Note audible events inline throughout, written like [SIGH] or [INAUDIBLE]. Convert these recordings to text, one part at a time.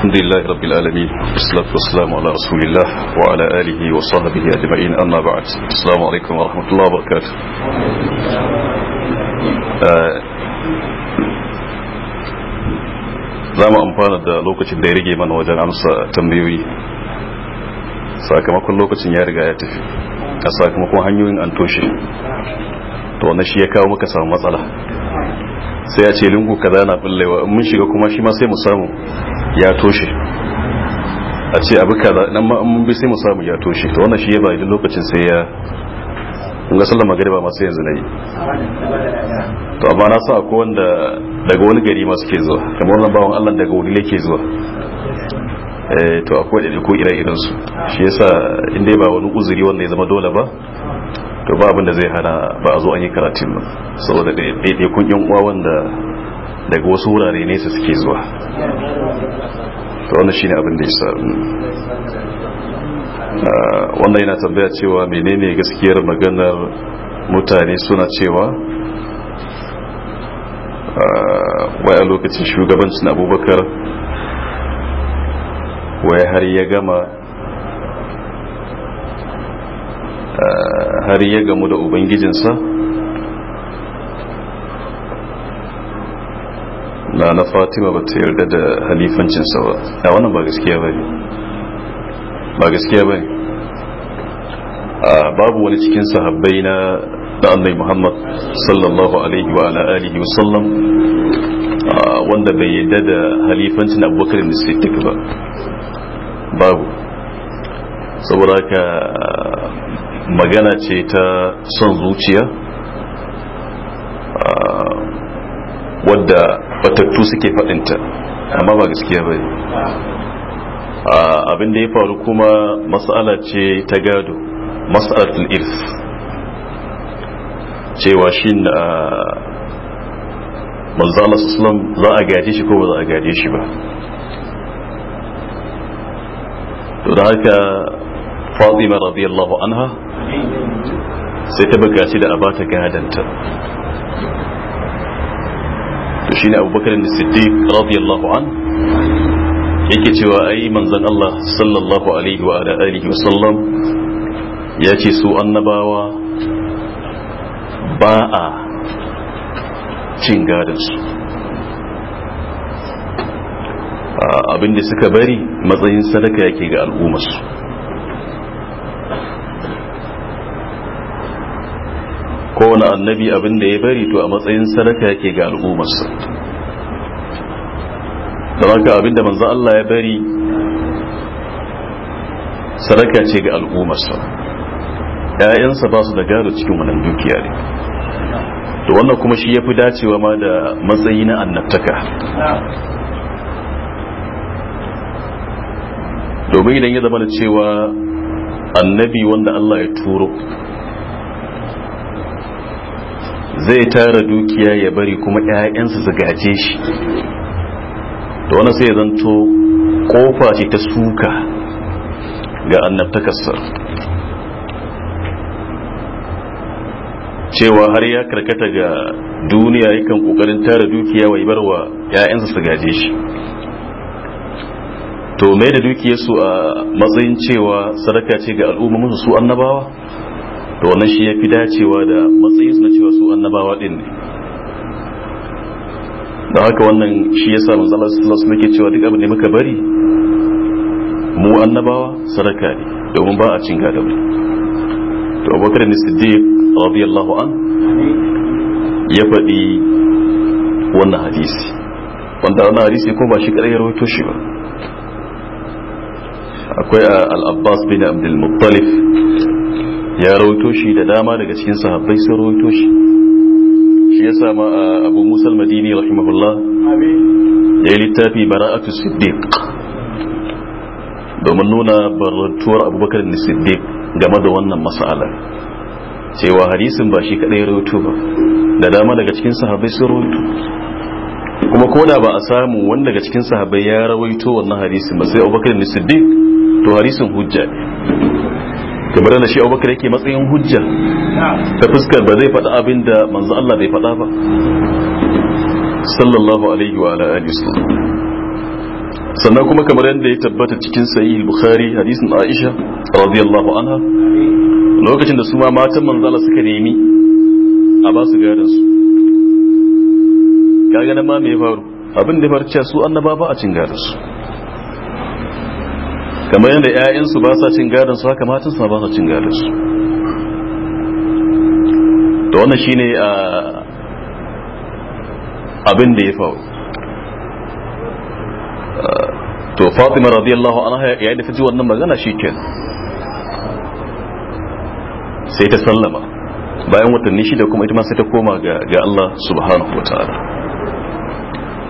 الحمد لله رب العالمين والصلاة والسلام على رسول الله وعلى آله وصحبه أجمعين أما بعد السلام عليكم ورحمة الله وبركاته za mu amfana da lokacin da ya rage mana wajen amsa tambayoyi sakamakon lokacin ya riga ya tafi a sakamakon hanyoyin an toshe to wannan shi ya kawo muka samu matsala sai ya ce lungu kaza na bullewa mun shiga kuma shi ma sai mu samu ya toshe a ce abu kaza nan ma mun bi sai mu samu ya toshe to wannan shi ya bayyana lokacin sai ya in ga sallar magariba ma sai yanzu nayi to amma na sa ko wanda daga wani gari ma suke zuwa kamar wannan bawon Allah daga wani yake zuwa eh to akwai da ko ire iren su shi yasa in dai ba wani uzuri wanda ya zama dole ba to ba abin da zai hana ba a zo an yi karatun ba saboda ɗaiɗaikun yan uwa wanda daga wasu wurare nesa suke zuwa to wannan shine abin da ya mm. ah, wanda yana tambaya cewa menene gaskiyar maganar mutane suna cewa ah, wai a lokacin shugabancin abubakar wai har ya gama har ya gamu da ubangijinsa na na fatima ba ta yarda da halifancinsa ba ya wannan ba gaskiya ba ne ba gaskiya ba ne babu wani cikin sahabbai na da annai muhammad sallallahu alaihi wa ala alihi wa sallam wanda bai yarda da halifancin abubakar da ba babu saboda ka magana ce ta son zuciya ah, wadda batattu suke faɗinta amma ba gaskiya ba ah, abin da ya faru kuma matsala ce ta gado matsalatul irs cewa shi na manzala islam za a gaje shi ko ba za a gaje shi ba to da haka fatima radiyallahu anha sai ta bukaci da abata bata gadanta to shine abubakar da siddiq radiyallahu an yake cewa ai manzon Allah sallallahu alaihi wa alihi wa sallam ya ce su annabawa ba a cin su abinda suka bari matsayin sadaka yake ga al'ummarsu annabi abin da ya bari to a matsayin sadaka yake ga al'ummarsa don haka abin da manzo Allah ya bari sadaka ce ga al'ummarsa ‘ya'yansa ba su da gado cikin wannan dukiya ne to wannan kuma shi ya fi dacewa ma da matsayi na annabtaka domin idan ya zama da cewa annabi wanda Allah ya turo zai tara dukiya ya bari kuma 'ya'yansa su gaje shi da wani sai ya zanto kofa ce ta suka ga annabtakassar cewa har ya karkata ga duniya yakan kokarin tara dukiya wai barwa 'ya'yansa su gaje shi to mai da dukiyarsu a matsayin cewa sadaka ce ga al'umma musu su annabawa to wannan shi ya fi dacewa da matsayin na cewa su annabawa din ne da haka wannan shi ya sa manzala sallallahu muke cewa duk abin da muka bari mu annabawa sadaka ne domin ba a cin gado to abubakar ne siddiq radiyallahu an ya faɗi wannan hadisi wanda wannan hadisi ko ba shi kadai ya rawaito shi ba akwai ah, al-abbas bin abdul muttalib ya rawaito shi da dama daga cikin sahabbai sun rawaito shi shi ya sama abu musal madini rahimahullah ya yi littafi bara'atu siddiq domin nuna barantuwar abubakar da siddiq game da wannan mas'ala cewa hadisin ba shi kadai rawaito ba da dama daga cikin sahabbai sun rawaito kuma ko da ba a samu wani daga cikin sahabbai ya rawaito wannan hadisin ba sai abubakar da siddiq to hadisin hujja kamar na shi abubakar yake matsayin hujja ta fuskar ba zai faɗa abin da manzo Allah bai faɗa ba sallallahu alaihi wa alihi sannan kuma kamar yadda ya tabbata cikin sahih bukhari hadisin aisha radiyallahu anha lokacin da su ma matan manzo Allah suka nemi a ba su gadon su kaga nan ma me faru abin da ya su annaba ba a cin gadon su kamar yadda 'ya'yansu ba sa cin gadon su haka matan su ba sa cin gadon su da wannan shine a ah, abin da ya faru ah, to fatima radiyallahu anha yayin da ta ji wannan magana shikenan sai ta sallama bayan watanni shida kuma ita ma sai ta koma ga Allah subhanahu wa ta'ala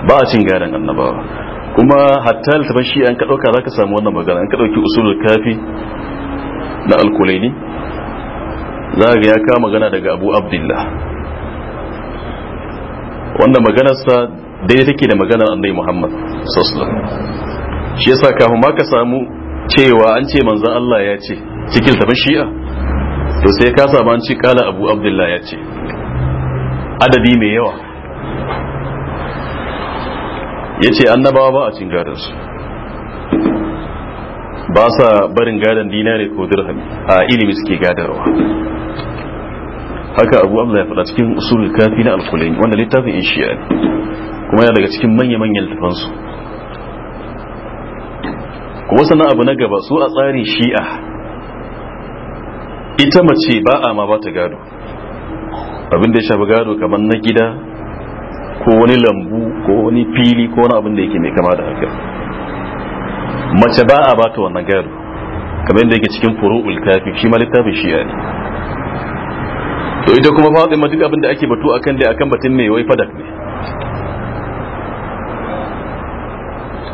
ba a cin gadon annabawa kuma hatta littafin shi an ka za ka samu wannan magana an ka ɗauki usulul kafi na alkulaini za ga ya kawo magana daga abu abdullah wannan maganarsa daidai take da maganar annabi muhammad sallallahu shi yasa kafin ma ka samu cewa an ce manzon Allah ya ce cikin littafin shi'a to sai ka samu an ce kala abu abdullah ya ce adadi mai yawa ya ce annabawa ba a cin gadonsu ba sa barin gadon dinare ko dirham a ilimi suke gadarwa haka abu amma ya faɗa cikin usul kafi na alkulaini wanda littafin in shi'a ne kuma yana daga cikin manya-manyan littafansu kuma sannan abu na gaba su a tsarin shi'a ita mace ba a ma ba ta gado abinda ya shafi gado kamar na gida ko wani lambu ko wani fili ko wani abin da yake mai kama da haka mace ba a bata wannan gado kamar yadda yake cikin furu'ul kafi shi ma littafin shi ne to ita kuma fatima duk abin da ake batu akan dai akan batun ne wai fadak ne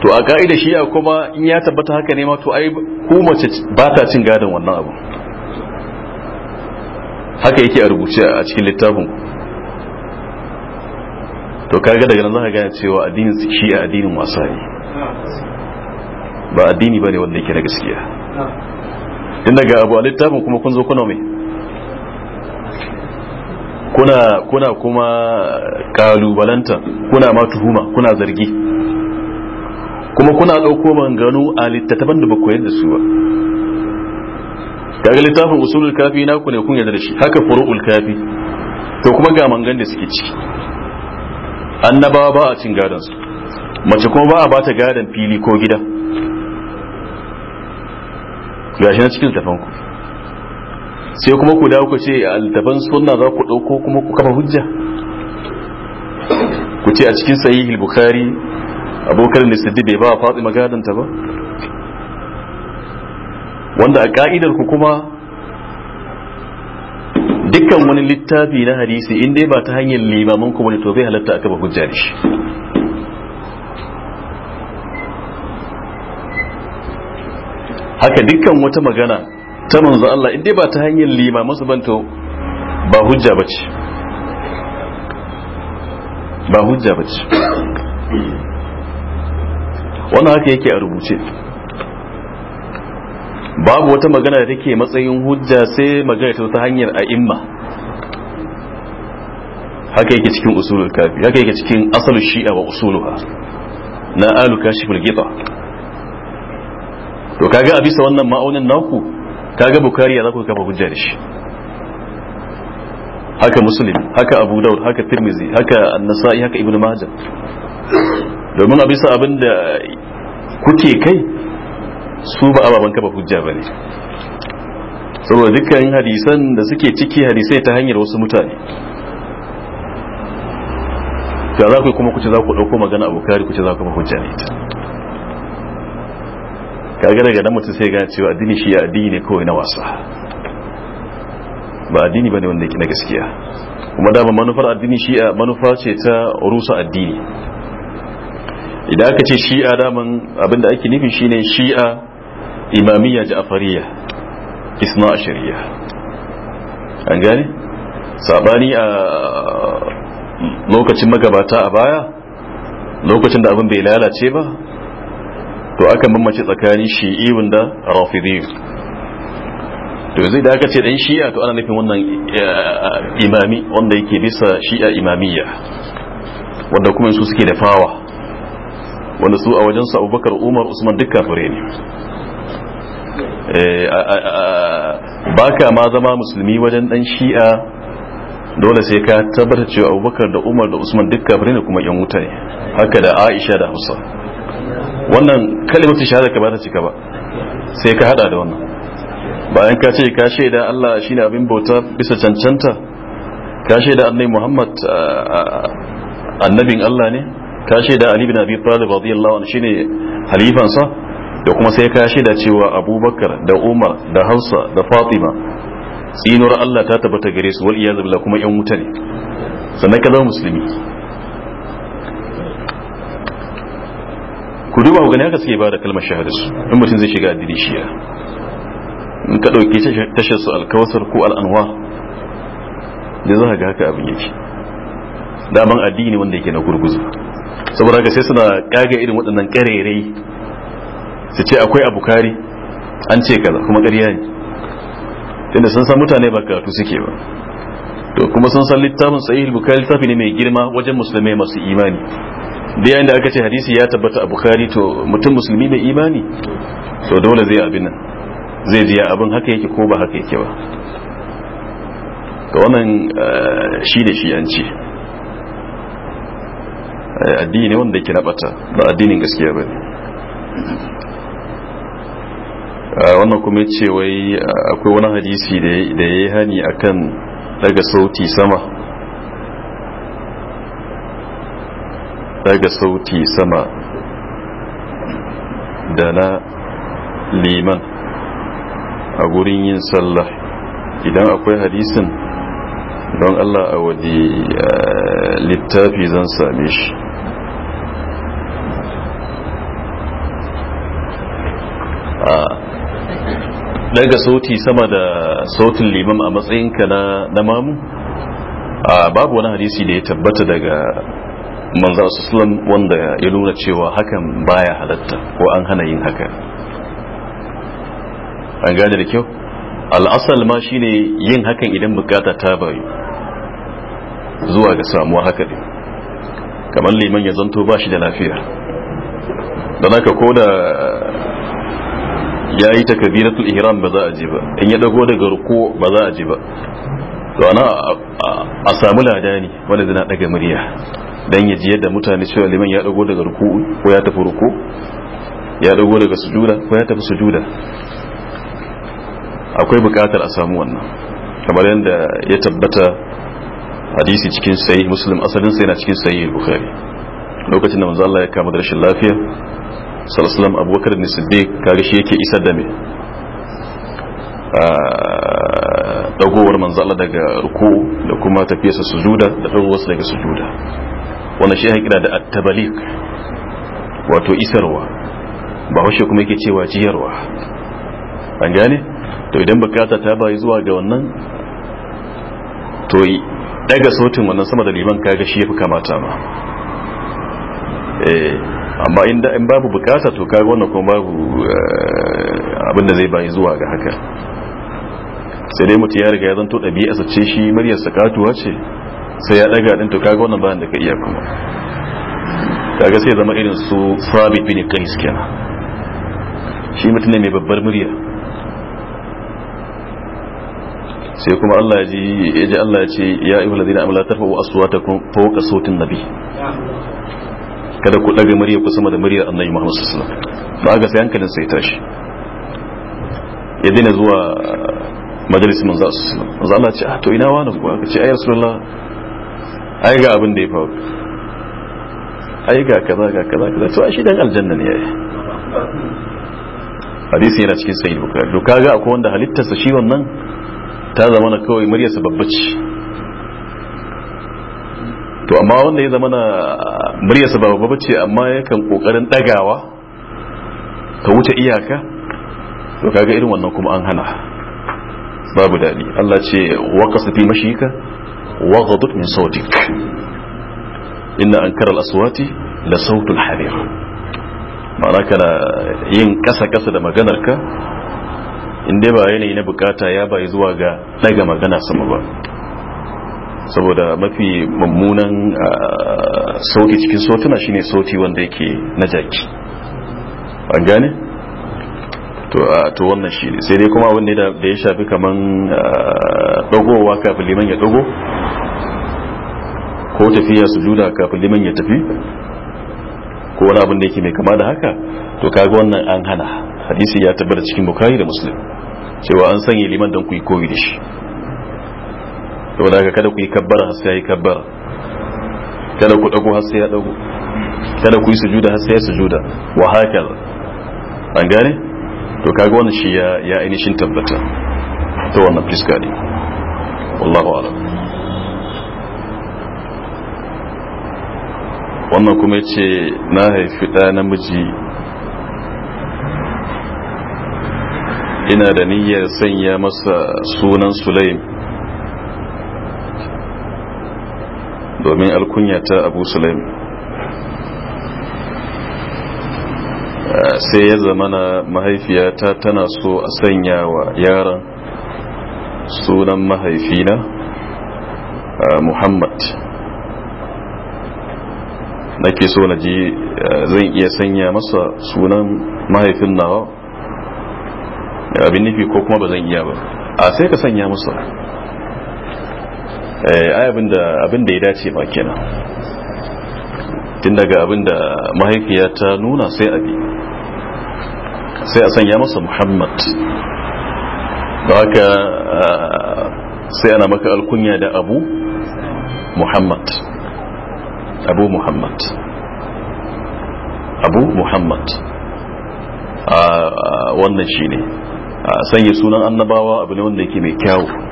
to a ka'ida a kuma in ya tabbata haka ne ma to ai ku mace ba ta cin gadon wannan abu haka yake a rubuce a cikin littafin to kaga daga nan za ka gane cewa addinin shi a addinin wasa ne ba addini bane wanda yake na gaskiya inda ga abu a littafin kuma kun zo kuna mai kuna kuna kuma kalubalanta kuna ma tuhuma kuna zargi kuma kuna ɗauko manganu a littattafan da ba koyar da su ba kaga littafin usulul kafi na ku ne kun yarda da shi haka furu'ul kafi to kuma ga mangan da suke ciki annabawa ba a cin gadon su mace kuma ba a bata gadon fili ko gida gashi na cikin tafan ku sai kuma ku dawo ku ce altafan sunna za ku dauko kuma ku kafa hujja ku ce a cikin sayi bukhari abokan nisidi bai ba fatima gadon ta ba wanda a ka'idar ku kuma dukkan wani littafi na hadisi in dai ba ta hanyar limamin kuma ne to bai halatta aka ba hujja shi haka dukkan wata magana ta manzo Allah in dai ba ta hanyar limamin su ban ba hujja bace ba hujja bace wannan haka yake a rubuce babu wata magana da take matsayin hujja sai magana ta ta hanyar a'imma haka yake cikin usulul kafi haka yake cikin asalu shi'a wa usuluha na alu kashiful gita to kaga a bisa wannan ma'aunin naku kaga bukari ya zaku kafa hujja da shi haka muslim haka abu daud haka tirmizi haka annasa'i haka ibnu majah domin a bisa abin da kuke kai su ba ababen kafa hujja bane saboda dukkan hadisan da suke ciki hadisai ta hanyar wasu mutane da za ku kuma kuce za ku ɗauko magana abu kari kuce za ku hujja ne ta gada ga nan mutum sai gane cewa addini shi ya addini ne kawai na wasa ba addini ne wanda yake na gaskiya kuma dama manufar addini shi'a manufa ce ta rusa addini idan aka ce shi'a daman abinda ake nufi shine shi'a imamiyya ja'afariya isna ashariya an gane sabani a lokacin magabata a baya lokacin da abin bai lalace ba to aka mamace tsakanin shi'i da rafidi to zai da aka ce dan shi'a to ana nufin wannan eh, imami wanda yake bisa shi'a imamiyya wanda kuma su suke da fawa wanda su a wajen sa abubakar umar usman duk kafure ne Eh, ba ka ma zama musulmi wajen dan shi'a dole sai ka tabbatar cewa abubakar da umar da usman duk kafirai ne kuma yan wuta ne haka da aisha da hausa wannan kalimatu shahada ka ba ta cika ba sai ka hada da wannan bayan ka ce ka shaida Allah shine abin bauta bisa cancanta ka shaida annabi Muhammad annabin Allah ne ka shaida Ali bin Abi Talib radiyallahu anhu shine halifansa da kuma sai ka shida cewa abubakar da umar da hausa da fatima tsinuwar allah ta tabbata gare su wal iyazu billah kuma yan wuta ne sannan ka zama musulmi ku duba ku gani haka suke ba da kalmar shahada su in mutum zai shiga addini shiya in ka ɗauki tashar su alkawasar ko al'anwa da za ga haka abin yake daman addini wanda yake na gurguzu saboda haka sai suna kaga irin waɗannan ƙarerai su ce akwai a bukari an ce kaza kuma ƙarya ne tunda sun san mutane ba karatu suke ba to kuma sun san littafin sahih bukari littafi ne mai girma wajen musulmai masu imani da yayin da aka ce hadisi ya tabbata a bukari to mutum musulmi mai imani to dole zai abin nan zai ji abin haka yake ko ba haka yake ba to wannan eh, shi da shi an ce eh, addini ne wanda yake na bata ba addinin gaskiya ba ne Ah, wannan kuma ce wai ah, akwai wani hadisi da ya yi hani akan daga sauti sama daga sauti sama da na liman a gurin yin sallah idan akwai hadisin don allah a waje ah, littafi zan same shi daga sauti sama da sautin liman a matsayinka na namamu mamu babu wani hadisi da ya tabbata daga manzar wanda ya nuna cewa hakan baya halatta ko an hana yin haka an gane da kyau al'asal ma shine yin hakan idan bukata ta bayu zuwa ga samuwa haka ne kamar liman ya zanto ba shi da lafiya don haka ko da ya yi takabiratul ihram ba za a je ba in ya dago daga ruku ba za a je ba to ana a samu ladani wanda zina daga murya dan ya ji yadda mutane cewa liman ya dago daga ruku ko ya tafi ruku ya dago daga sujuda ko ya tafi sujuda akwai bukatar a samu wannan kamar yadda ya tabbata hadisi cikin sahih muslim asalin sa yana cikin sahih bukhari lokacin da manzo Allah ya kama da rashin lafiya salasalam abubakar da siddiq kaga shi yake isar da me ah, dagowar manzala daga ruku da kuma tafiyarsa juda da dagowarsa daga juda wanda shi haƙira da attabalik wato isarwa ba washe kuma yake cewa jiyarwa an gane to idan bukata ta bayi zuwa ga wannan to yi daga sautin wannan sama da liman kaga shi ya fi kamata ma eh amma in babu bukata to kaga wannan kuma babu eh, abinda zai bayi zuwa ga haka sai dai mutum ya riga ya zanto ɗabi'arsa ce shi muryar sakatuwa ce sai ya ɗaga ɗin to kaga wannan bayan da ka iya kuma kaga sai zama irin su sabit bin qais kenan shi mutum ne mai babbar murya sai kuma Allah ya ji ya ji Allah ya ce ya ayyuhallazina amala tarfa'u aswatakum fawqa sawtin nabi kada ku ɗaga murya ku sama da murya annabi Muhammad sallallahu alaihi wasallam ba ga sai hankalin sai tashi ya daina zuwa uh, majalis manzo sallallahu alaihi wasallam Allah ce ah to ina wani ku aka ce ai rasulullah ai ga abin da ya faru ai ga kaza ga kaza kaza to shi dan aljanna ne yayi hadisi yana cikin sahih bukhari to kaga akwai wanda halittarsa shi wannan ta zama na kawai muryarsa babba ce to amma wanda ya zama na muryarsa ba babba ce amma yakan kokarin dagawa Ka wuce iyaka to kaga irin wannan kuma an hana babu dadi Allah ce wa kasafi mashika wa ghadud min sautik inna ankara al-aswati la sautul hadir ma'ana kana yin kasa kasa da maganarka in dai ba yanayi na bukata ya bai zuwa ga daga magana sama ba saboda mafi mummunan ah, sauti cikin sautuna shine sauti wanda yake na jaki an gane to a ah, to wannan shi ne sai dai kuma wanda da ya shafi kaman dagowa ah, kafin liman ya dago ko tafiya su juda kafin liman ya tafi ko wani abin da yake mai kama da haka to kaga wannan an hana hadisi ya tabbata cikin bukari da muslim cewa an sanya liman don ku yi koyi da shi saboda haka kada ku yi kabbara har sai yi kabbara kada ku dago har sai ya dago kada ku yi sujuda har sai ya sujuda wa hakal an gane to kaga wannan shi ya ya ainihin tabbata to wannan fiska ne wallahu a'lam wannan kuma yace na haifi da namiji ina da niyyar sanya masa sunan sulaiman domin alkunya ta abu sulaim sai ya zamana mahaifiyata tana so a sanya wa yaran sunan mahaifina muhammad Na ke so na ji zan iya sanya masa sunan mahaifin nawa abin nufi ko kuma ba zan iya ba a sai ka sanya masa Eh, ai abin da ya dace ba kenan tun daga abin da mahaifiya ta nuna sai abi sai a sanya masa muhammad da haka eh, sai ana maka alkunya da abu muhammad abu muhammad abu muhammad ah, ah, wannan shi ne ah, sanya sunan annabawa abu ne wanda yake mai kyawo.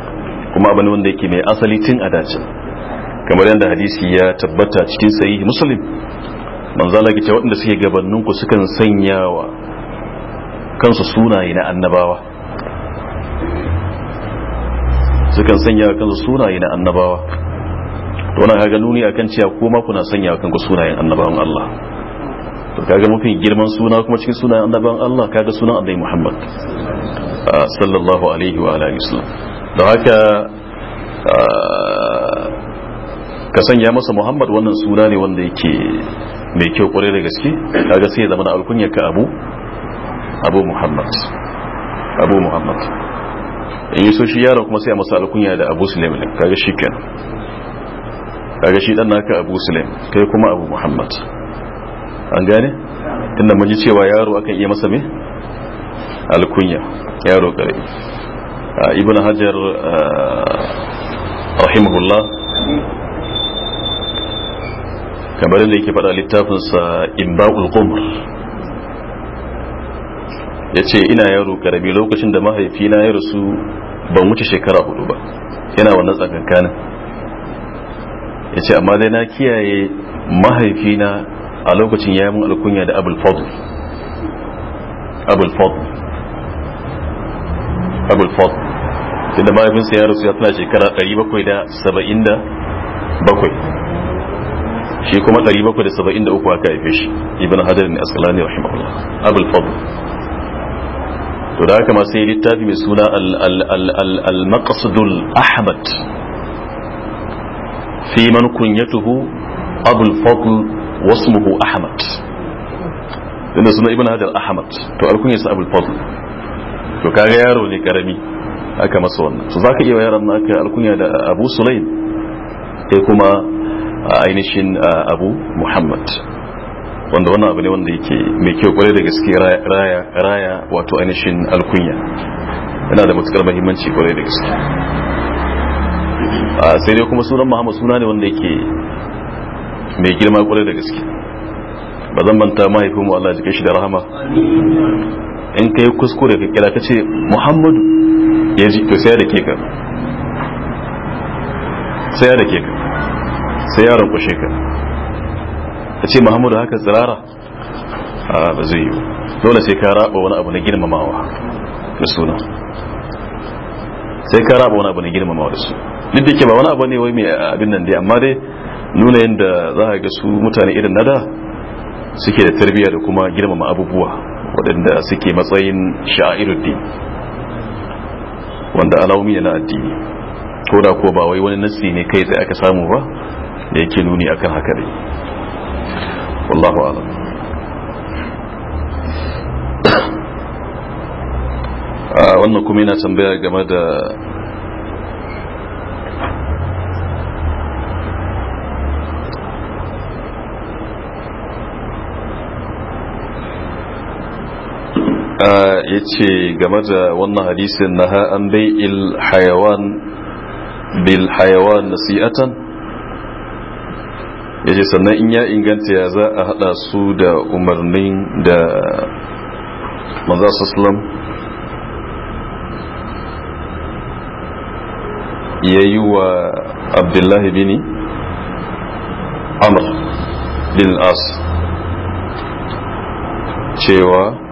kuma abin wanda yake mai asali tun a dace kamar yadda hadisi ya tabbata cikin sayi musulun. manzala gita waɗanda suke gabaninku sukan sanyawa kansu sunaye na annabawa sukan sanya kansu sunaye na annabawa to wannan kaga nuni a kan cewa ko kuna sanya kanku sunayen annabawan Allah to kaga mafi girman suna kuma cikin sunayen annabawan Allah kaga sunan Annabi Muhammad sallallahu alaihi wa alihi wasallam da haka ah, ka sanya masa muhammad wannan suna ne wanda yake mai kyau kwarai da gaske kaga sai ya zama na alkunyar ka abu abu muhammad abu muhammad in yi so shi yaron kuma sai a masa alkunya da abu sulaim ne kaga shi ta kaga shi dan naka abu sulaim kai kuma abu muhammad an gane tunda mun ji cewa yaro akan iya masa me alkunya yaro kare ibn hajar rahimahullah kamar da yake faɗa littafinsa imba'ul qumr ya ce ina yaro karami lokacin da mahaifina ya rasu ban wuce shekara hudu ba yana wannan tsakankanin ya ce amma dai na kiyaye mahaifina a lokacin ya alkunya da abul fadl abul tunda mahaifinsa ya rasu ya tana shekara 777 shi kuma 773 aka haife shi ibn hajar ne asqalani rahimahullah abul fadl to da haka ma sai littafi mai suna al-maqsadul ahmad fi man kunyatuhu abul fadl wasmuhu ahmad inda suna ibn hajar ahmad to alkunyarsa abul fadl to kaga yaro ne karami aka masa wannan to zaka iya yaran naka alkunya da abu sulaim sai kuma ainihin abu muhammad wanda wannan abu ne wanda yake mai kyau kware da gaske raya raya wato ainihin alkunya yana da matukar muhimmanci kware da gaske sai dai kuma sunan muhammad suna ne wanda yake mai girma kware da gaske ba zan manta mahaifinmu Allah ya jike shi da rahama in kai kuskure ka kira ka ce muhammadu ya ji to sai da ke ka sai da ke ka sai yaron kushe ka a ce muhammadu haka tsirara a ba zai yi dole sai ka raba wani abu na girmamawa da suna sai ka raba wani abu na girmamawa da su duk da ke ba wani abu ne wai mai abin nan dai amma dai nuna yadda za a ga su mutane irin nada suke da tarbiyya da kuma girmama abubuwa waɗanda suke matsayin sha'iruddin wanda alawumi na addini ko da ko ba wai wani nassi ne kai tsaye aka samu ba da yake nuni akan haka dai wallahu alam [COUGHS] ah, wannan kuma yana tambaya game da ya ce game da wannan hadisin na ha'an il hayawan bil hayawan nasi'atan ya ce sannan in ya inganta ya za a hada su da umarnin da maza sassalam ya yi wa abdullahi bini amr bin as cewa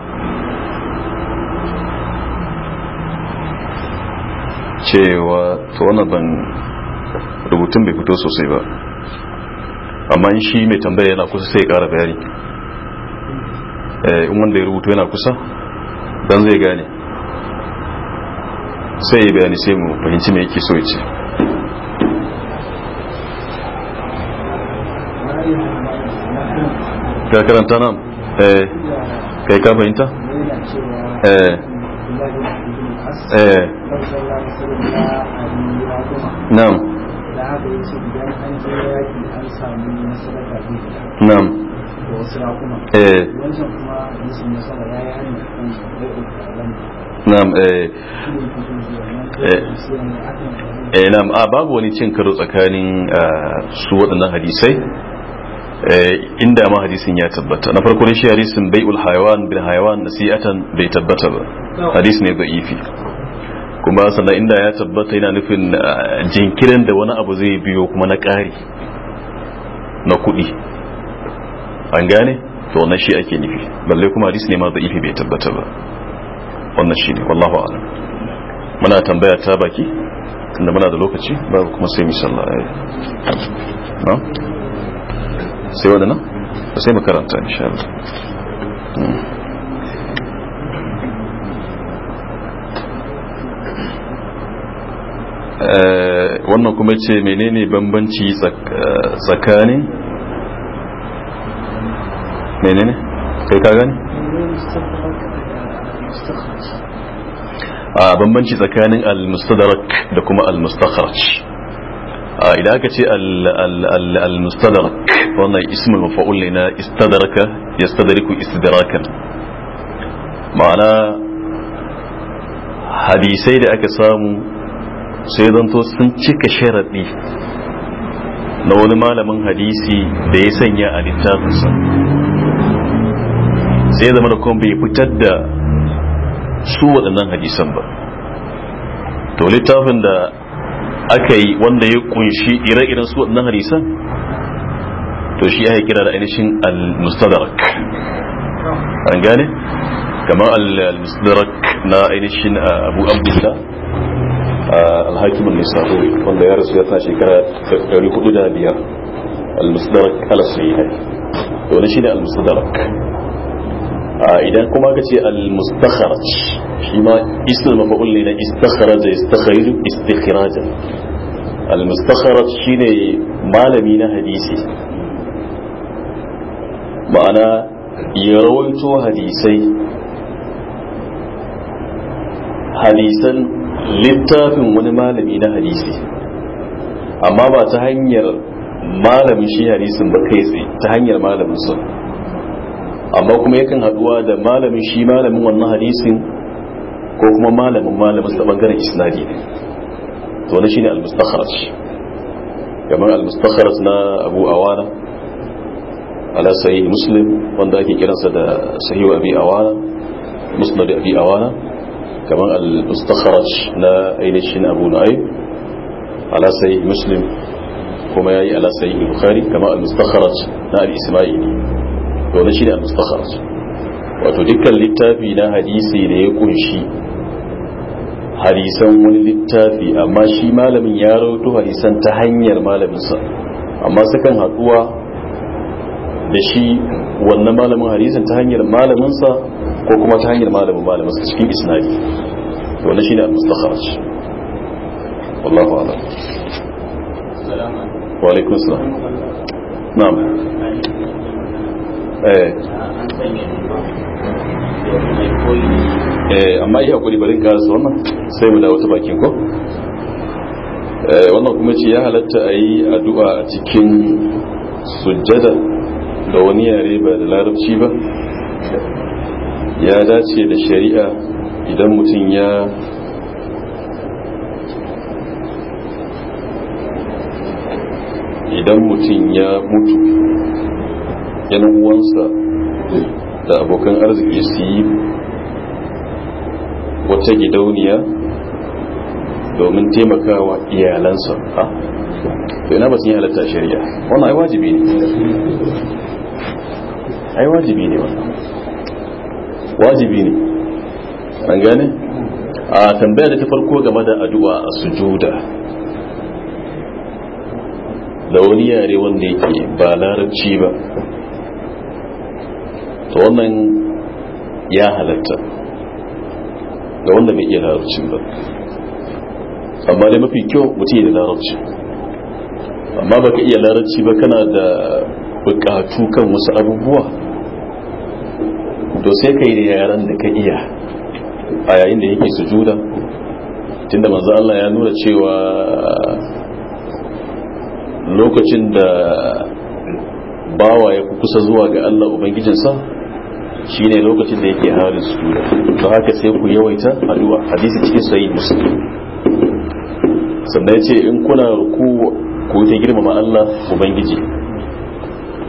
cewa ta wani ban rubutun bai fito sosai ba amma in shi mai tambaya yana kusa sai ya kara bayani eh, in wanda ya rubuto yana kusa don zai gane sai ya bayani sai mu fahimci mai yake so ce ka karanta nan eh, kai ka fahimta? eh Eh. na'am na'am eh na'am eh. eh, a ah, babu wani cin karo tsakanin ah, su waɗannan hadisai inda ma hadisin ya tabbata na farko shi hadisin bai'ul hayawan bin hayawan nasi'atan bai tabbata ba hadis ne ifi kuma sannan inda ya tabbata yana nufin ah, jinkirin da wani abu zai biyo kuma na ƙari na kuɗi an gane to wannan shi ake nufi balle kuma hadis ne ma ifi bai tabbata ba wannan shi ne wallahu a'lam muna tambaya ta baki tunda muna da lokaci babu kuma sai mu sallah eh. na sai wadana sai makaranta insha Allah hmm. Eh, wannan kuma ce menene bambanci eh, tsakanin menene kai ka gani a ah, bambanci tsakanin al-mustadrak da kuma al-mustakhraj ah, idan aka ce al-mustadrak wannan ismul mafa'ul ne na istadraka yastadriku istidrakan ma'ana hadisai da aka samu sai zanto sun cika sharaɗi na wani malamin hadisi da ya sanya a littafinsa sai zama da kuma bai fitar da su waɗannan hadisan ba to littafin da aka yi wanda ya kunshi ire-iren su waɗannan hadisan to shi ya kira da ainihin al-mustadrak an gane kamar al-mustadrak na ainihin ah, abu abdullah آه، الحاكم النساوي في يارس يتنا شكرا اولي قدودا بيا المصدرك على السيئة ونشين المصدرك آه، اذا كما قلت المستخرج شما اسم المفعول لنا استخرج استخرج استخراج المستخرج شين ما لمينا حديثي معنى يرويتو حديثي حديثا littafin wani malami na hadisi amma ba ta hanyar malamin shi hadisin ba kai tsaye ta hanyar malamin sa amma kuma yakan haduwa da malamin shi malamin wannan hadisin ko kuma malamin malamin sa bangaren isnadi ne to na shine al-mustakhraj kamar al-mustakhraj na Abu Awana ala sahih Muslim wanda ake kiransa da sahih Abi Awana musnad Abi Awana kamar al-mustakharaj na ainihin abu nu'aib ala sai muslim kuma yayi ala sai bukhari kamar al-mustakharaj na al-isma'ili shi ne shine al-mustakharaj wato dukkan littafi na hadisi da ya kunshi hadisan wani littafi amma shi malamin ya rawaito hadisan ta hanyar malaminsa amma sukan haduwa da shi wannan malamin hadisan ta hanyar malaminsa ko kuma ta hanyar malamin malamin su cikin isnadi wannan shine al-mustakhraj wallahu a'lam wa alaikum salam na'am eh eh amma iya hakuri bari ka su wannan sai mu dawo ta bakin ko eh, wannan kuma ce ya halatta a yi addu'a a cikin sujjada da wani yare ba da larabci ba ya dace da shari'a idan mutum ya idan mutum ya mutu yan uwansa da abokan arziki su yi wata gidauniya domin taimakawa iyalansa ha to ina ba sun yi halatta shari'a wannan ai wajibi ne ai wajibi ne wannan wajibi ne an gane a tambaya da ta farko game da addu'a a sujuda da wani yare wanda yake ba larabci ba to wannan ya halatta Da wanda bai iya larabci ba amma dai mafi kyau mutum ya da larabci amma baka iya larabci ba kana da bukatu kan wasu abubuwa to sai ka yi da yaran da ka iya a yayin da yake sujuda tunda manzo Allah ya nuna cewa lokacin da bawa ya kusa zuwa ga Allah ubangijinsa shine lokacin da yake halin sujuda to haka sai ku yawaita addu'a hadisi cikin sahih muslim sannan ce in kuna ruku ku ta girmama Allah ubangiji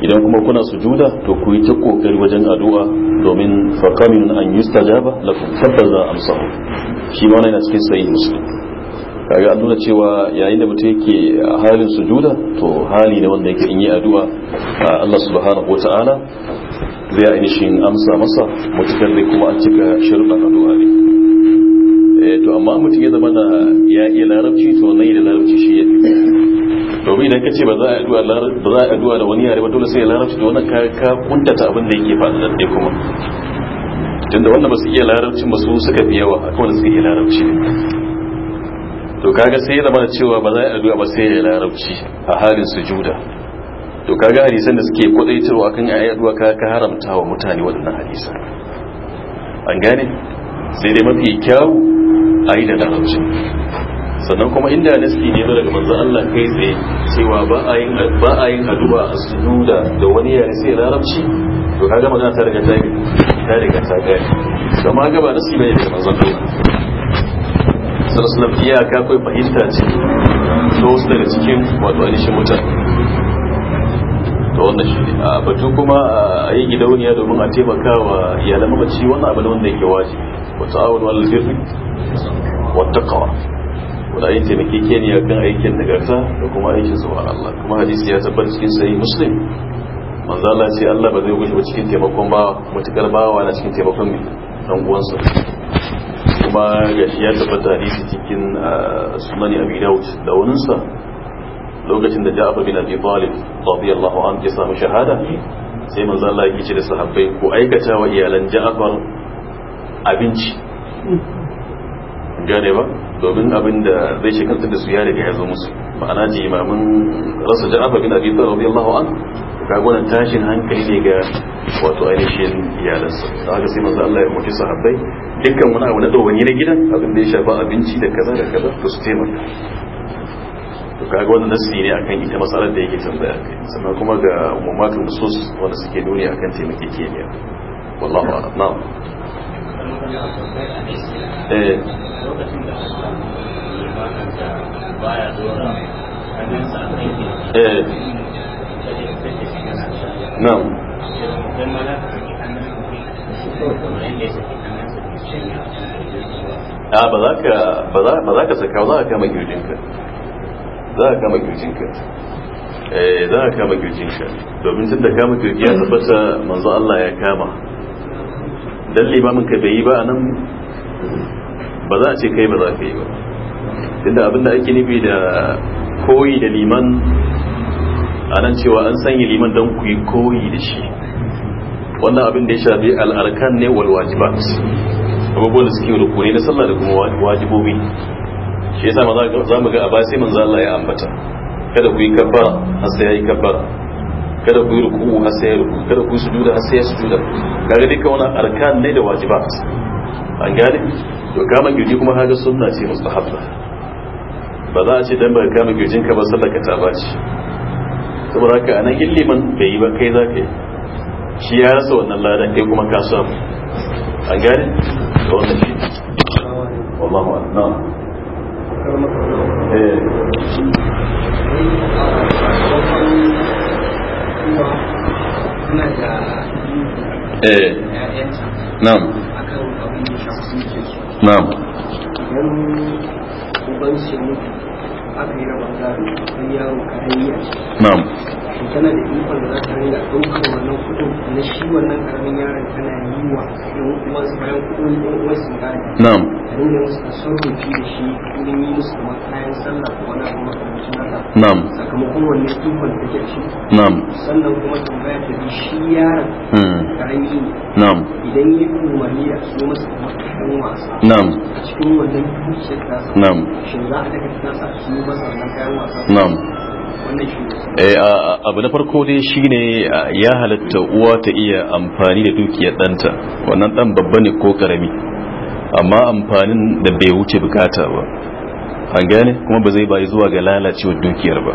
idan kuma kuna sujuda to ku yi ta kokari wajen addu'a domin fakamin an yustajaba lakum tabbas za amsa shi ma yana cikin sahih musu kaga an nuna cewa yayin da mutum yake a halin sujuda to hali ne wanda yake in yi addu'a Allah subhanahu ta'ala zai ainihin amsa masa mutukar dai kuma an cika sharuɗan addu'a ne eh, to amma mutum ya zama da ya iya larabci to nan da larabci shi ya fi domin idan ka ce ba za a addu'a ba za a addu'a da wani yare ba dole sai ya larabci da wannan ka kuntata abin da yake faɗa da kuma tunda wannan ba su iya larabcin ba su suka fi yawa a wanda suka iya larabci ne to kaga sai ya zama da cewa ba za a addu'a ba sai ya larabci a halin sujuda to kaga hadisan da suke kwadaitarwa kan ya addu'a ka ka haramta wa mutane waɗannan hadisan an gane sai dai mafi kyau a yi da larabci sannan kuma inda nasi ne zo daga manzan Allah kai tsaye cewa ba a yin ba a yin addu'a a sujuda da wani yare sai larabci to kaga magana ta daga ta ta daga ta ga kuma ga ba nasi bane daga manzon Allah sallallahu alaihi ka kai fahimta ce to su daga cikin wato anishin mutane to wannan shi ne a batun kuma a yi gidauniya domin a taimakawa wa iyalan mamaci wannan abu ne wanda yake wajibi Wata awon wal birri wa taqwa wanda ayin taimakekeniya kan aikin nagarta da kuma aikin allah kuma hadisi ya tabbata cikin sahih muslim manzo Allah sai Allah ba zai gushe ba cikin taimakon ba mutakar bawa na cikin taimakon mai dan uwansa kuma ga shi ya tabbata hadisi cikin ah, sunani abi daud da sa lokacin da Ja'far bin Abi Talib radiyallahu anhu ya samu shahada sai manzo Allah ya ce da sahabbai ko aikata wa iyalan Ja'far abinci gane ba domin abin da zai shekarta da su ya ga ya musu ma'ana imamin rasa ja'afa bin abi tsar rabi allahu an kagonan tashin hankali ne ga wato ainihin iyalansa da haka sai manzo Allah ya umarci sahabbai dukkan wani abu na dawani na gidan abin da ya shafa abinci da kaza da kaza to su taimaka to kaga wannan nasi ne akan ita masalar da yake tambaya kai sannan kuma ga ummatul nusus wanda suke nuni akan taimakekeniya wallahu a'lam eh lokacin da baya a a ba za ka ba za ka saka za ka kama kirjinka za ka kama kirjinka eh, za ka kama kirjinka domin tun kama kirji ya tabbata manzo Allah ya kama dan limamin ka bai yi ba nan ba za a ce kai ba za ka yi ba tunda abinda ake nufi da koyi da liman a nan cewa an sanya liman don ku yi koyi da shi wannan abin da ya shafi al'arkan ne wal wajibat abubuwan da suke rukuni na sallah da kuma wajibobi shi yasa maza za mu ga a basi manzo Allah ya ambata kada ku yi kafara har sai yayi kafara kada ku yi ruku'u har sai ya ruku kada ku yi sujuda har sai ya sujuda kaga dukkan wannan arkan ne da wajibat an gane to kama gyoji kuma haga sunna ce musu haɗa ba za a ce dan ba kama gyojin ka ba sallaka ta ba bace saboda haka anan illiman bai yi ba kai za ka yi shi ya rasa wannan ladan kai kuma ka samu an gane da wannan shi wallahu a'lam eh eh na'am na'am na'am shin tana da ikon da za ta ringa ɗaukar wannan kudin na shi wannan ƙaramin yaron tana yi wa ɗan uwansa bayan kudin ɗan uwansa ya gane ringa musu tasarrufi da shi kudin yi musu kamar kayan sallah ko wani abu makamancin haka sakamakon wani ikon da take ci shi sannan kuma tambaya ta bi shi yaron hmm. ƙarami ne idan ya umarni da su masa kamar kayan wasa a cikin wannan dukiyar tasa na'am shin za a daga tasa su masa wannan kayan wasa Eh, abu na farko dai shine ya halatta uwa ta iya amfani da dukiya ɗanta wannan ɗan babba ne ko ƙarami amma amfanin da bai wuce bukata ba an gane kuma ba zai bayi zuwa ga lalacewar dukiyar ba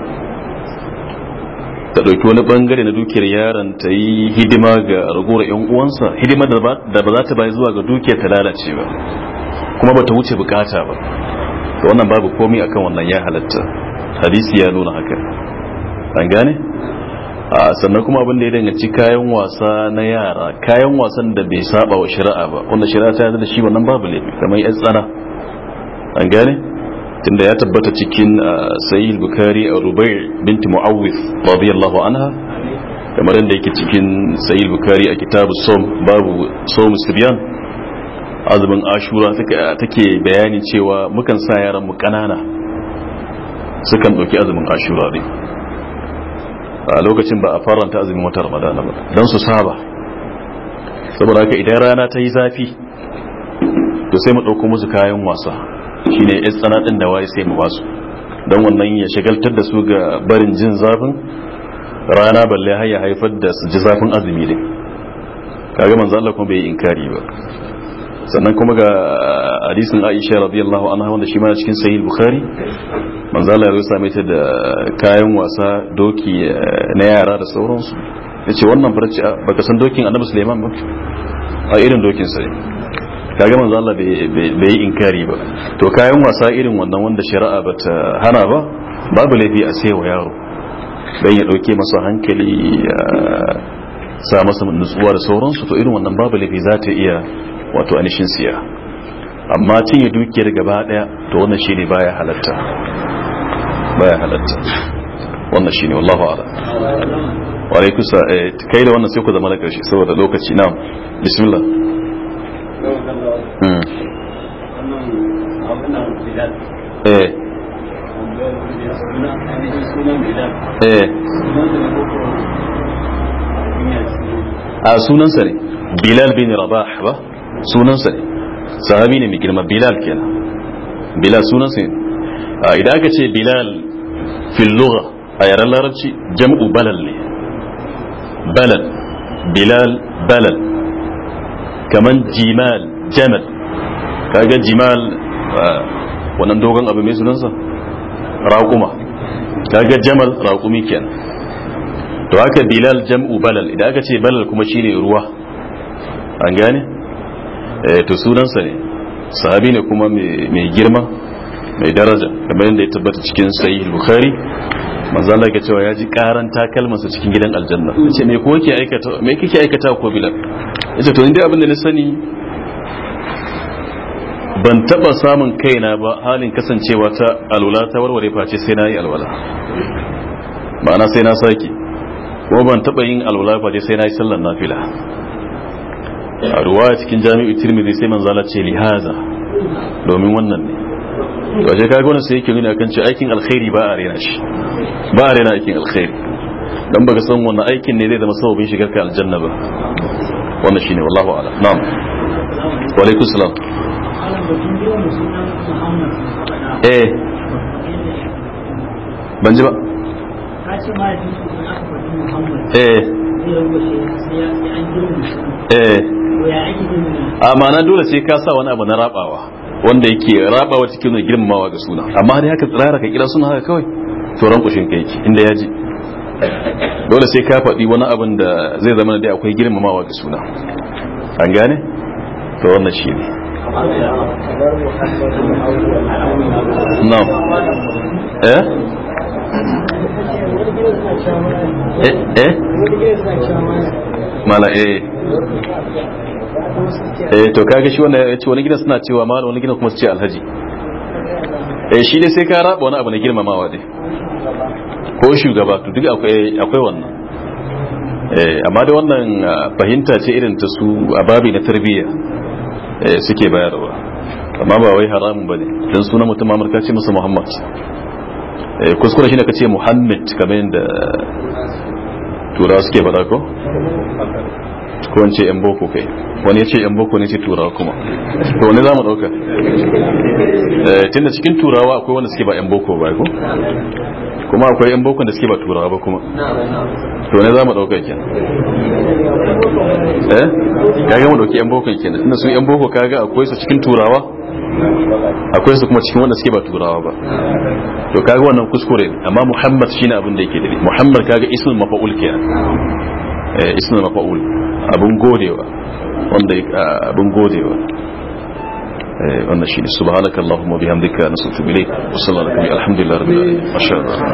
ta ɗauki wani bangare na dukiyar yaron ta yi hidima ga ragowar 'yan uwansa hidima da ba za ta bayi zuwa ga dukiyar ta lalace ba kuma ba ta wuce bukata ba wannan babu komi akan wannan ya halatta hadisi ya nuna haka an gane sannan kuma abin da ya danganci kayan wasa na yara kayan wasan da bai saba wa shari'a ba wanda shari'a ta yadda da shi wannan babu laifi kamar yan tsana an gane tunda ya tabbata cikin sayi Bukari a rubai binti muawwif radiyallahu anha kamar yadda yake cikin sayi Bukari a kitabu som babu som sibyan azumin ashura take bayani cewa mukan sa yaran mu kanana sukan ɗauki azumin ashura ne a lokacin ba a faranta azumin wata ramadana ba don su saba saboda haka idan rana ta yi zafi to sai mu ɗauko musu kayan wasa shine ya tsana ɗin da waye sai mu basu don wannan ya shagaltar da su ga barin jin zafin rana balle har ya haifar da su ji zafin azumi ne kaga manzo Allah kuma bai inkari ba sannan kuma ga uh, hadisin Aisha radiyallahu anha wanda shi ma cikin sahih Bukhari manzo Allah ya same ta da kayan wasa doki uh, na yara da sauransu yace wannan barci baka san dokin Annabi Sulaiman ba a irin dokin sa kaga manzo Allah bai yi inkari ba to kayan wasa irin wannan wanda shari'a bata hana ba babu laifi a sai wa yaro dan ya dauke masa hankali sa masa nutsuwa da sauransu to irin wannan babu laifi za ta iya wato anishin siya amma cinye dukiyar gaba daya to wannan shine baya halatta baya halatta wannan shine wallahu a'lam wa alaikum eh, kai da wannan sai ku zama na karshe saboda lokaci na bismillah hmm. eh eh a ah, sunansa ne bilal bin rabah ba sunansa ne sahabi ne mai girma bilal kenan bilal sunansa ne idan aka ce bilal fil lugha a yaren larabci jam'u balal ne balal bilal balal kaman jimal jamal kaga jimal wannan dogon abu mai sunansa raƙuma kaga jamal raƙumi kenan to haka bilal jam'u balal idan aka ce balal kuma shine ruwa an gane Eh, to sunansa ne sahabi ne kuma mai girma mai daraja kamar yadda ya tabbata cikin sahih bukhari manzo Allah ya cewa ya ji karan takalmansa cikin gidan aljanna yace me ko yake aikata me kike aikata ko bilal yace to indai abin da na sani ban taba samun kaina ba halin kasancewa ta alwala ta warware face sai na yi alwala ma'ana sai na saki ko ban taba yin alwala face sai na yi sallar nafila a ruwa cikin jami'u tirmidhi sai manzo Allah ce lihaza domin wannan ne to je kaga wannan sai yake nuna kan ce aikin alkhairi ba a rena shi ba a rena aikin alkhairi dan baka san wannan aikin ne zai zama sababin shigar ka aljanna ba wannan shine wallahu ala na'am wa alaikum salam eh ban ji ba eh Eh. a ma'ana dole sai ka sa wani abu na rabawa wanda yake rabawa cikin da girmamawa ga suna amma dai haka tsirara ka kira suna haka kawai to kushin ka yake inda ya ji dole sai ka faɗi wani abin da zai zama da akwai girmamawa ga suna an gane to wannan shi ne na'am eh eh eh? eh eh to kage shi wanda ya ce wani gidan suna cewa mala wani gidan kuma su ce alhaji eh shi dai sai ka raba wani abu na girmamawa dai ko shugaba to duk akwai akwai wannan eh amma da wannan ah, fahimta ce irin ta su a babi na tarbiyya eh suke bayarwa amma ba wai haramun bane dan sunan mutum amurka ce musu muhammad Eh, kuskure ka ce muhammad kamar yadda turawa suke fada ko ko wance yan boko kai wani ya ce yan boko ne ce turawa kuma ko wani za mu ɗauka eh, tunda cikin turawa akwai wanda suke ba yan boko ba ko kuma akwai yan boko da suke ba turawa ba kuma to wani za mu ɗauka ke eh kaga mu ɗauki yan boko kenan tunda su yan boko kaga akwai su cikin turawa akwai su kuma cikin wanda suke ba turawa ba to kaga wannan kuskure ne amma muhammad shine abin da yake dade muhammad kaga ismul mafa'ul kenan eh, ismul mafa'ul abun godewa wanda abun godewa eh, wannan shine subhanakallahumma bihamdika nasallu ilayk wa sallallahu alaihi alhamdulillahi rabbil alamin